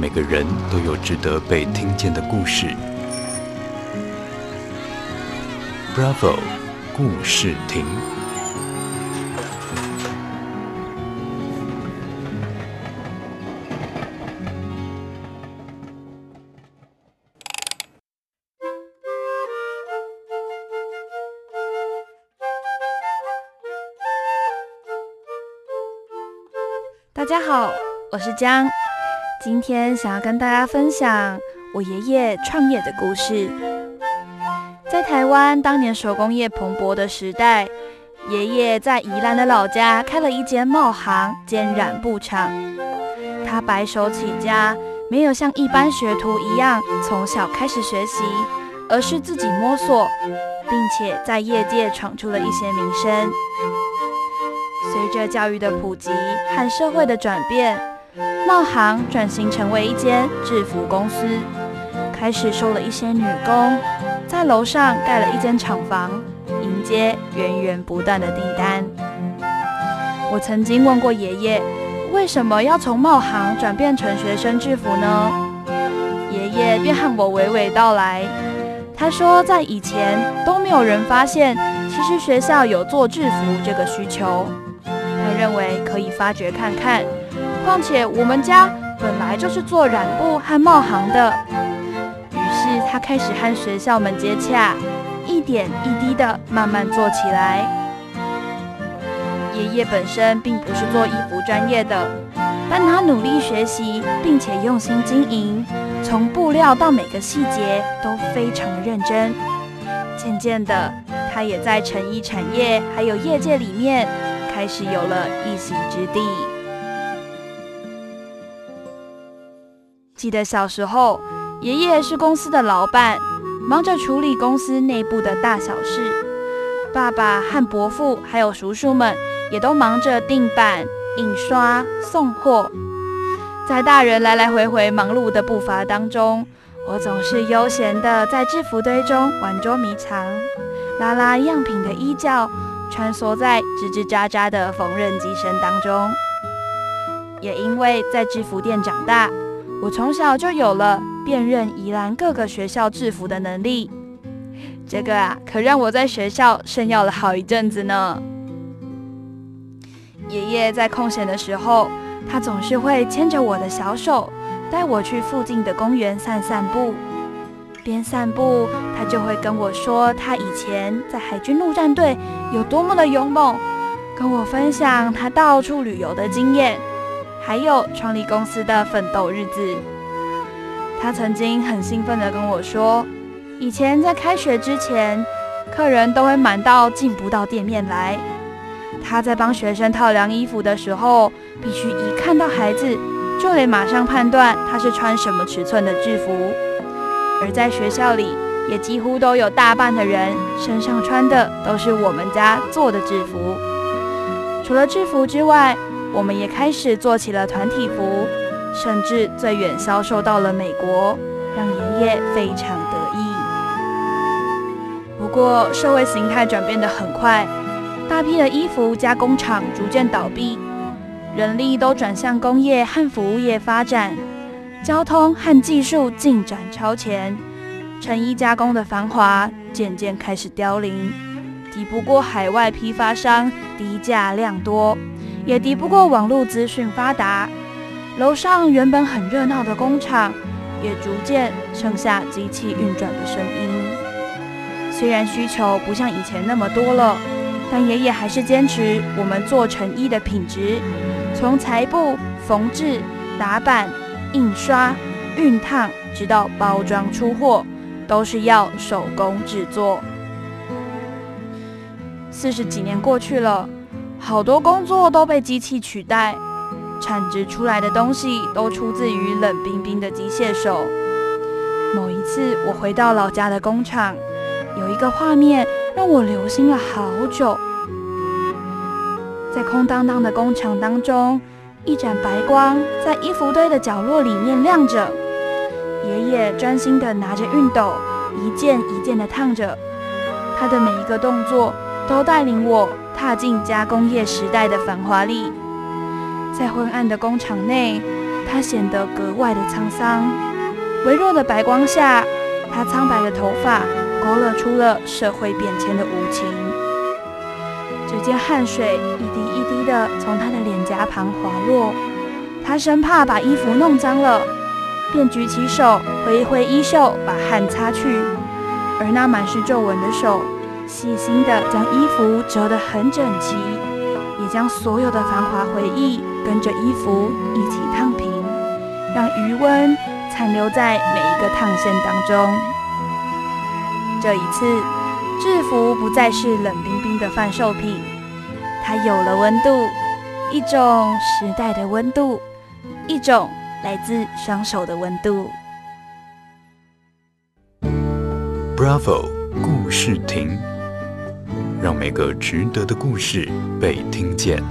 每個人都有值得被聽見的故事。Bravo，故事亭。大家好，我是江。今天想要跟大家分享我爺爺創業的故事。在台灣當年手工業蓬勃的時代，爺爺在宜蘭的老家開了一間帽行兼染布廠。他白手起家，沒有像一般學徒一樣從小開始學習，而是自己摸索，並且在業界闖出了一些名聲。隨着教育的普及和社會的轉變。帽行轉型成為一間制服公司，開始收了一些女工，在樓上蓋了一間廠房，迎接源源不斷的訂單。我曾經問過爺爺，為什麼要從帽行轉變成學生制服呢？爺爺便和我娓娓道來。他說，在以前都沒有人發現，其實學校有做制服這個需求。他認為可以發掘看看。況且我們家本來就是做染布和帽行的，於是他開始和學校們接洽，一點一滴的慢慢做起來。爺爺本身並不是做衣服專業的，但他努力學習並且用心經營，從布料到每個細節都非常認真。漸漸的，他也在成衣產業還有業界裡面開始有了一席之地。記得小時候，爺爺是公司的老闆，忙着處理公司內部的大小事；爸爸和伯父還有叔叔們也都忙着訂版、印刷、送貨。在大人來來回回忙碌的步伐當中，我總是悠閒地在製服堆中玩捉迷藏，拉拉樣品的衣角，穿梭在吱吱喳喳的縫紉機聲當中。也因為在製服店長大。我從小就有了辨認宜蘭各個學校制服的能力，這個啊，可讓我在學校炫耀了好一陣子呢。爺爺在空閒的時候，他總是會牽着我的小手，帶我去附近的公園散散步。邊散步，他就會跟我說他以前在海軍陸戰隊有多麼的勇猛，跟我分享他到處旅游的經驗。還有創立公司的奮鬥日子，他曾經很興奮地跟我說，以前在開學之前，客人都會滿到進不到店面來。他在幫學生套量衣服的時候，必須一看到孩子，就得馬上判斷他是穿什麼尺寸的制服。而在學校裡，也幾乎都有大半的人身上穿的都是我們家做的制服。除了制服之外，我們也開始做起了團體服，甚至最遠銷售到了美國，讓爺爺非常得意。不過社會形態轉變得很快，大批的衣服加工廠逐漸倒閉，人力都轉向工業和服務業發展，交通和技術進展超前，成衣加工的繁華漸漸開始凋零，抵不過海外批發商低價量多。也敵不過網絡資訊發達，樓上原本很熱鬧的工廠，也逐漸剩下機器運轉的聲音。雖然需求不像以前那麼多了，但爺爺還是堅持我們做成衣的品質。從裁布、縫制、打板、印刷、熨燙，直到包裝出貨，都是要手工制作。四十幾年過去了。好多工作都被機器取代，產值出來的東西都出自於冷冰冰的機械手。某一次，我回到老家的工廠，有一個畫面讓我留心了好久。在空蕩蕩的工廠當中，一盞白光在衣服堆的角落裡面亮着。爺爺專心地拿着熨斗，一件一件地燙着，他的每一個動作都帶領我。踏進加工業時代的繁華裡，在昏暗的工廠內，他顯得格外的滄桑。微弱的白光下，他蒼白的頭髮勾勒出了社會變遷的無情。只見汗水一滴一滴的從他的臉頰旁滑落，他生怕把衣服弄髒了，便舉起手揮一揮衣袖把汗擦去，而那滿是皺紋的手細心地將衣服折得很整齊，也將所有的繁華回憶跟着衣服一起燙平，讓餘溫殘留在每一個燙線當中。這一次，制服不再是冷冰冰的販售品，它有了溫度，一種時代的溫度，一種來自雙手的溫度。Bravo，故事亭。讓每個值得的故事被聽見。